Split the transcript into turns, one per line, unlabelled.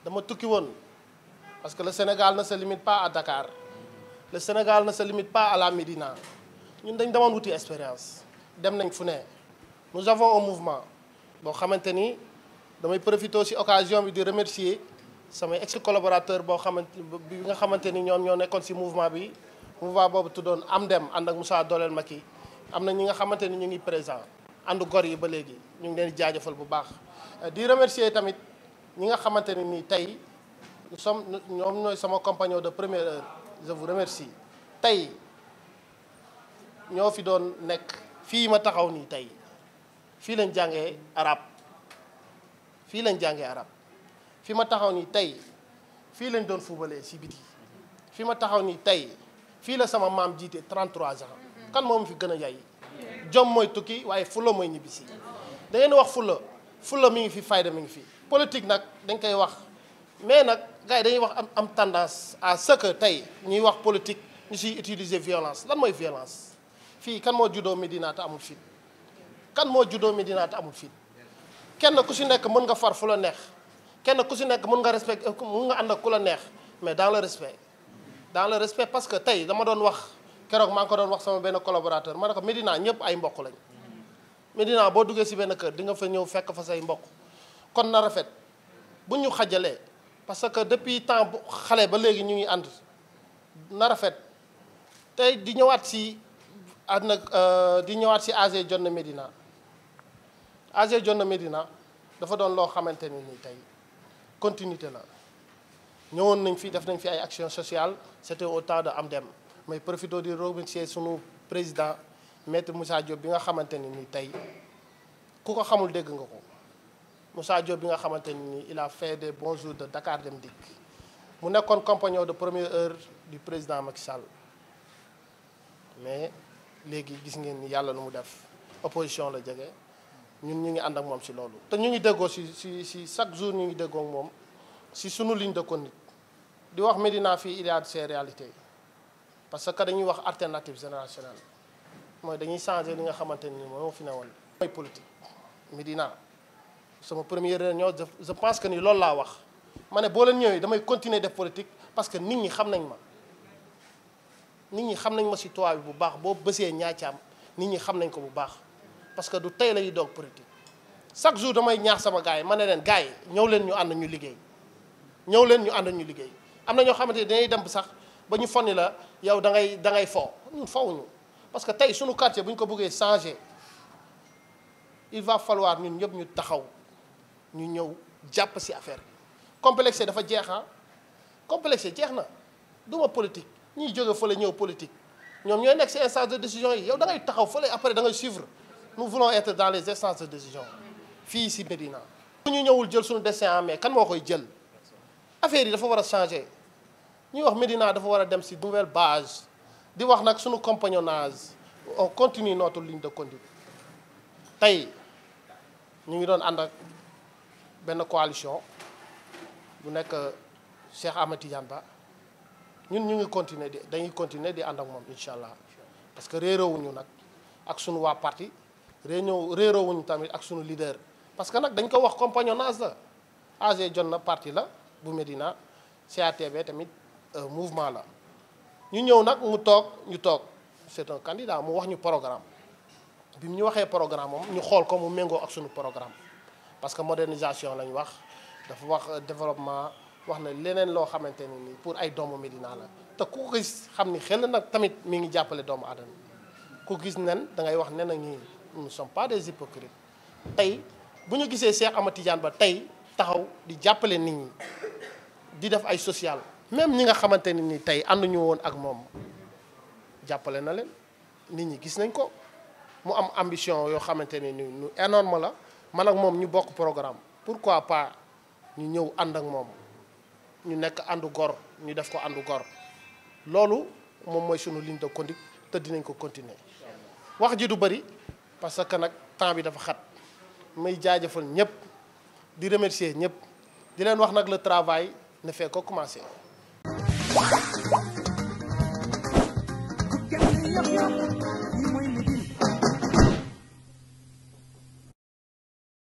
dama tukki woon parce que le Sénégal ne se limite pas à Dakar le Sénégal ne se pas à la Médina ñun dañ demoon wuti expérience dem nañ fu ne nous avons un mouvement boo xamante ni damay profité ci occasion bi di remercier samay ex collaborateur boo xamante bi nga xamante ni ñoom ñoo nekkoon ci mouvement bi mouvement boobu tuddoon am dem ànd ak Moussa dooleel Macky am na ñi nga xamante ni ñu ngi présent ànd gor yi ba léegi ñu ngi leen jaajëfal bu baax euh, di remercier tamit ñi nga xamante ne ni tey som ñoom ñooy sama compagnon de première heure je vous tey ñoo fi doon nekk fii ma taxaw nii tey fii lañ jàngee arab fii lañ jàngee arab fi ma taxaw nii tey fii lañ doon fuubalee si biti fi ma taxaw nii tey fii la sama maam jiite 33 ans kan moo mu fi gën a yaay jom mooy tukki waaye fula mooy ñibbisi da ngeen wax fula fula mi ngi fi fayda mi ngi fi politique nag dañ koy wax mais nag gars dañuy wax am am tendance à ce que tey ñuy wax politique ñu siy utiliser violence lan mooy violence fii kan moo juddoo Medina te amul fit kan moo juddoo Medina te amul fit kenn ku si nekk mën nga far fu la neex kenn ku si nekk mën nga respect mën nga ànd ak ku la neex mais dans le respect dans le respect parce que tey dama doon wax keroog maa ngi ko doon wax sama benn collaborateur ma ne ko Medina ñëpp ay mbokk lañ Medina boo duggee si benn kër di nga fa ñëw fekk fa say mbokk kon na rafet bu ñu xajalee parce que depuis temps bu xale ba léegi ñu ngi ànd na rafet tey di ñëwaat si àdduna euh, di ñëwaat si AG Jotna Medina AG Jotna Medina dafa doon loo xamante ni ni tey continuité la ñëwoon nañ fi def nañ fi ay action sociale c'était au temps de Amdem may profité di remercier sunu président maître Moussa Diop bi nga xamante ne ni tey ku ko xamul dégg nga ko Moussa Diop bi nga xamante ne ni il a fait des bons jours de Dakar Dem Dikk mu nekkoon compagnon de première heure du président Macky Sall mais léegi gis ngeen ni yàlla lu mu def opposition la jege ñun ñu ngi ànd ak moom si loolu. te ñu ngi déggoo si si si chaque jour ñu ngi déggoo moom si sunu ligne de conduite di wax Médina fii il y a ses réalités. parce que dañuy wax alternative générationnelle mooy dañuy changer li nga xamante ni mooy moo fi ne woon mooy politique Médina sama première réunion je pense que ni loolu laa wax ma ne boo leen ñëwee damay continuer def politique parce que nit ñi xam nañ ma nit ñi xam nañ ma si toit bu baax boo bësee ñaacaam nit ñi xam nañ ko bu baax parce que du tey lañuy doog politique chaque jour damay ñaax sama gars yi ma ne leen gars yi ñëw leen ñu ànd ñu liggéey ñëw leen ñu ànd ñu liggéey am na ñoo xamante ne dañuy dem sax ba ñu fonni la yow da ngay da ngay fo ñun parce que tey suñu quartier bu ñu ko bëggee changer il va falloir ñun ñëpp ñu taxaw ñu ñëw jàpp ci affaire bi dafa jeex ah complexe jeex na duma politique ñuy jóge fële ñëw politique ñoom ñooy nekk ci instance de décision yi yow da ngay taxaw fële après da ngay suivre nous voulons être dans les instances de décision fii si Médina. bu ñu ñëwul jël suñu destin en kan moo koy jël affaire yi dafa war a changer. ñuy wax Médina dafa war a dem si nouvelle base di wax nag suñu compagnonnage on continue notre ligne de conduite tey ñu ngi doon ànd ak benn coalition bu nekk Cheikh Ahmed Ba ñun ñu ngi continuer di dañuy continuer di ànd ak moom incha allah parce que réeroowuñu nag ak suñu waa parti réñëw réeroowuñu tamit ak suñu leader parce que nag dañ ko wax compagnonnage la AG jot na parti la bu Médina CATB tamit Euh, mouvement la ñu ñëw nag mu toog ñu toog c'est un candidat mu wax ñu programme bi mu ñu waxee programme moom ñu xool ko mu méngoo ak suñu programme parce que modernisation lañ wax dafa wax euh, développement wax na leneen loo xamante ne ni pour ay doomu Médina la te ku ko gis xam ni xel nag tamit mi ngi jàppale doomu àddana ku gis nen dangay wax ne na ñii nous ne sommes pas des hypocrites tey bu ñu gisee Cheikh Ahmad Tidiane ba tey taxaw di jàppale nit ñi di def ay social même ñi nga xamante ne ni tey ànduñu woon ak moom jàppale na leen nit ñi gis nañ ko mu am ambition yoo xamante ne ni ñu ma la man ak moom ñu bokk programme quoi pas ñu ñëw ànd ak moom ñu nekk ànd gor ñu def ko àndu gor loolu moom mooy sunu ligne de conduite te dinañ ko continuer wax ji du bëri parce que nag temps bi dafa xat may jaajëfal ñëpp di remercier ñëpp di leen wax nag la travail ne fait que commencer Get me up, up.